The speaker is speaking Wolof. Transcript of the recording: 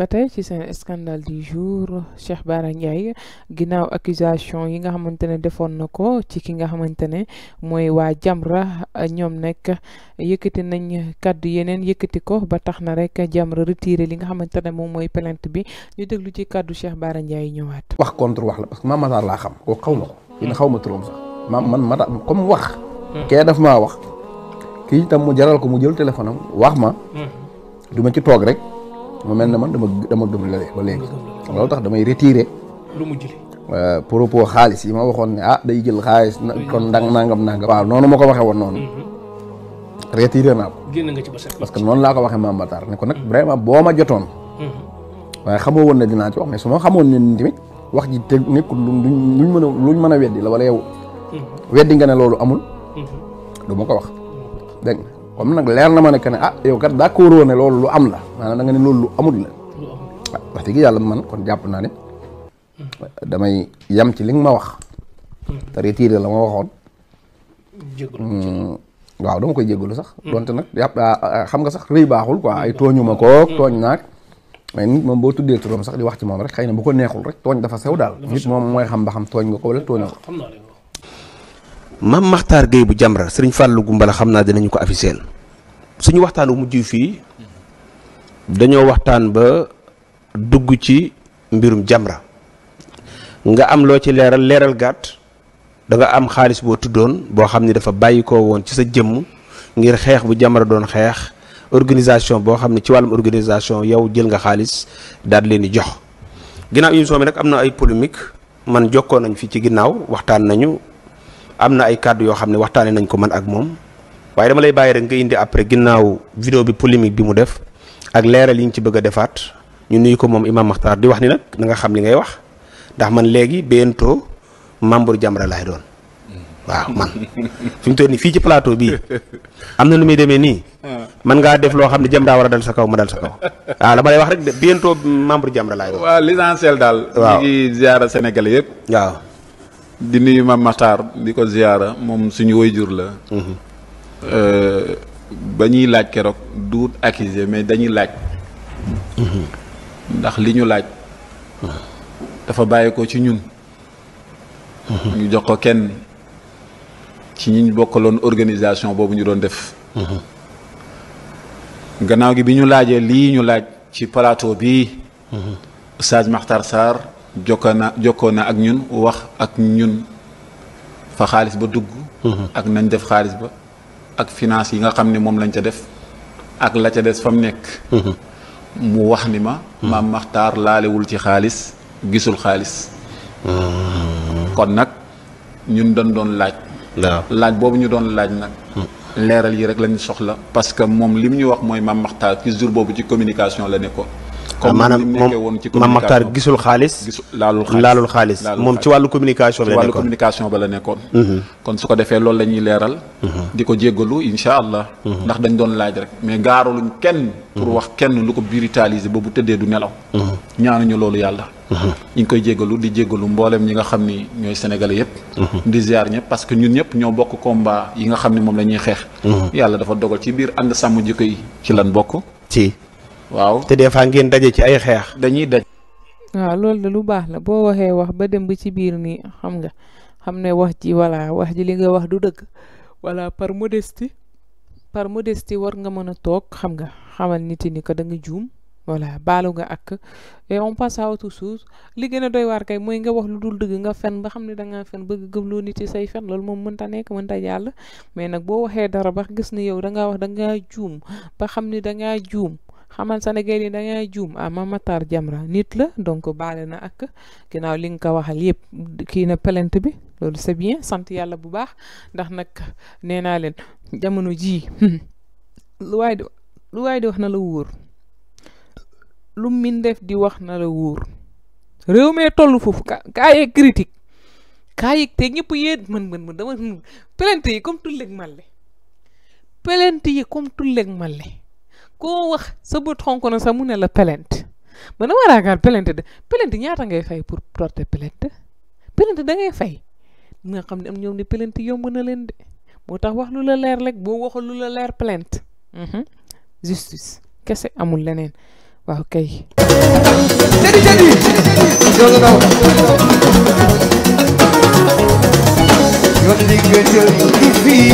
ba tey ci seen scandale du jour Cheikh Bara Ndiaye ginnaaw accusation yi nga xamante ne defoon na ko ci ki nga xamante ne mooy waa Jamra ñoom nekk yëkkati nañ kàddu yeneen yëkkati ko ba tax na rek Jamra retiré li nga xamante ne moom mooy plainte bi ñu déglu ci kàddu Cheikh Bara Ndiaye ñëwaat. wax contre wax la parce que ma Matar laa xam koo xaw ma ko. yéen xaw ma turam sax maam man wax. Hmm. kee daf maa wax. kii itam mu jaral ko mu jël téléphone am wax ma. Hmm. du ci toog mu mel ne man dama dama gëm lale ba loolu tax damay retiré lu mu jëli euh, propos xaalis yi ma waxoon ne ah day jël xaalis kon ndang nangam nangam waaw noonu ma ko waxee woon noonu mm-hmm. retiré naa ko génn nga ci parce que noonu laa ko waxee Mame taar ne ko nag vraiment boo ma jotoon mm-hmm. waaye xamoo woon ne dinaa ci wax mais su ma xamoon ne tamit wax ji te nekkul luñ mën a luñ mën a weddi la wala yow mm-hmm. weddi nga ne loolu amul du ma ko wax dégg comme nag leer na ma ne que ne ah yow kat d'accord woon ne loolu lu am la maanaam da nga ne loolu lu amul la ah wax dëgg yàlla man kon jàpp naa ne damay yam ci li nga ma wax hmm. te retiré la ma waxoon hmm. waaw dama koy jégalu sax hmm. donte nag yàpp ah, ah, ah, xam nga sax rëy baaxul quoi ay tooñu ma kook tooñ naak mais nit moom boo tuddee turam sax di wax ci moom rek xëy na bu ko neexul rek tooñ dafa sew daal nit moom mooy xam ba xam tooñ nga ko wala ko maam maxtaar Gueye bu Jamra sëriñ Fallou Gumbala xam naa dinañu ko affiché suñu waxtaan wu mujj fii dañoo waxtaan ba dugg ci mbirum Jamra nga am loo ci leeral leeral gàtt da am xaalis boo tuddoon boo xam ni dafa bàyyi ko woon ci sa jëmm ngir xeex bu Jamra doon xeex organisation boo xam ne ci wàllum organisation yow jël nga xaalis daal leen di jox ginnaaw émission bi nag am na ay polémique man jokkoon nañ fii ci ginnaaw waxtaan nañu. amna na ay kàddu yoo xam ne waxtaane nañ ko man ak moom waaye dama lay bàyyi rek nga indi après ginnaaw vidéo bi polémique bi mu def ak yi ñu ci bëgg defaat ñu ko imam Makhtar di wax ni nag na nga xam li ngay wax ndax man léegi bientôt membre Jamra laay doon waaw man fi mu toll nii fii ci plateau bii am na lu muy demee man ngaa def loo xam Jamra war a dal sa kaw ma dal sa kaw waaw ah, la ma wax rek de membre Jamra laay doon. waaw l'essentiel dal waaw ñu ngi ziara waaw. di nuyu ma maxtar di ko ziyaara moom suñu woy jur la mhm. euh, ba ñuy laaj keroog duut accusé mais dañuy laaj mhm. ndax li ñu laaj dafa bàyyi ko ci ñun mhm. ñu jox ko kenn ci ñi ñu bokkaloon organisation boobu ñu doon def gannaaw gi bi ñu laajee lii ñu laaj ci plateau bi Oustaz Makhtar Sarr jokkoo na jokkoo na ak ñun wax ak ñun fa xaalis ba dugg ak nañ def xaalis ba ak finance yi nga xam ne moom lañ ca def ak la ca des fa mu nekk mu wax ni ma maam maxtaar laalewul ci xaalis gisul xaalis kon nag ñun dañ doon laaj laaj boobu ñu doon laaj nag leeral yi rek lañu soxla parce que moom li mu ñu wax mooy maam maxtaar ci jour boobu ci communication la nekkoon maanaam moom Mame Mactar gisul xaalis laalul xaalis moom ci wàllu communication bi la ci wàllu communication ba la nekkoon mhm. kon su ko defee loolu la ñuy leeral mhm. di ko jéggalu insha allah mhm. ndax dañ doon laaj rek mais gaaraluñ kenn pour wax kenn lu ko brutaliser ba bu tëddee du nelaw ñaanuñu loolu yàlla ñu ngi koy jéggalu di jéggalu mbooleem ñi nga xam ni ñooy sénégalais yëpp di ziar ñëpp parce que ñun ñëpp ñoo bokk combat yi nga xam ne moom lañuy ñuy xeex yàlla dafa dogal ci biir ànd sàmm jikko yi ci lan bokk ci waaw te des fa ngeen daje ci ay xeex. dañuy daj. waaw loolu de lu baax la boo waxee wax ba dem ba ci biir nii xam nga xam ne wax ji voilà wax ji li nga wax du dëgg voilà par modestie par modestie war nga mën a toog xam nga xamal nit ni ko da nga juum voilà baalu nga ak et on passe à autre chose li gën a doy waar kay mooy nga wax lu dul dëgg nga fen ba xam ne da ngaa fen bëgg gëmloo nit yi say fen loolu moom mënta nekk mënta jàll mais nag boo waxee dara ba gis ne yow da ngaa wax da ngaa juum ba xam da ngaa juum. xamal Sénégal yi da juum ah Matar Jamra nit la donc baale na ak ginnaaw li nga ko waxal yëpp kii na plainte bi loolu c'est sant yàlla bu baax ndax nag nee naa leen jamono jii lu waay di lu waay di wax na la wóor lu mbindeef di wax nala la réew mee toll foofu ka kaa yee critique kaa yëg te ñëpp yéen mën mën yi comme tulleeg màlle plainte yi comme tulleeg màlle koo wax sa bu xonk na sa mu ne la plainte man dama raagaar plainte de pelente ñaata ngay fay pour porter pelente pelente da ngay fay nga xamni am ñoom ni pelente yomb na len de motax wax lu la leer lek bo waxul lu la leer pelente hmm justice kesse amul lenen waaw kay jadi jadi jolo daw yoon liggéey TV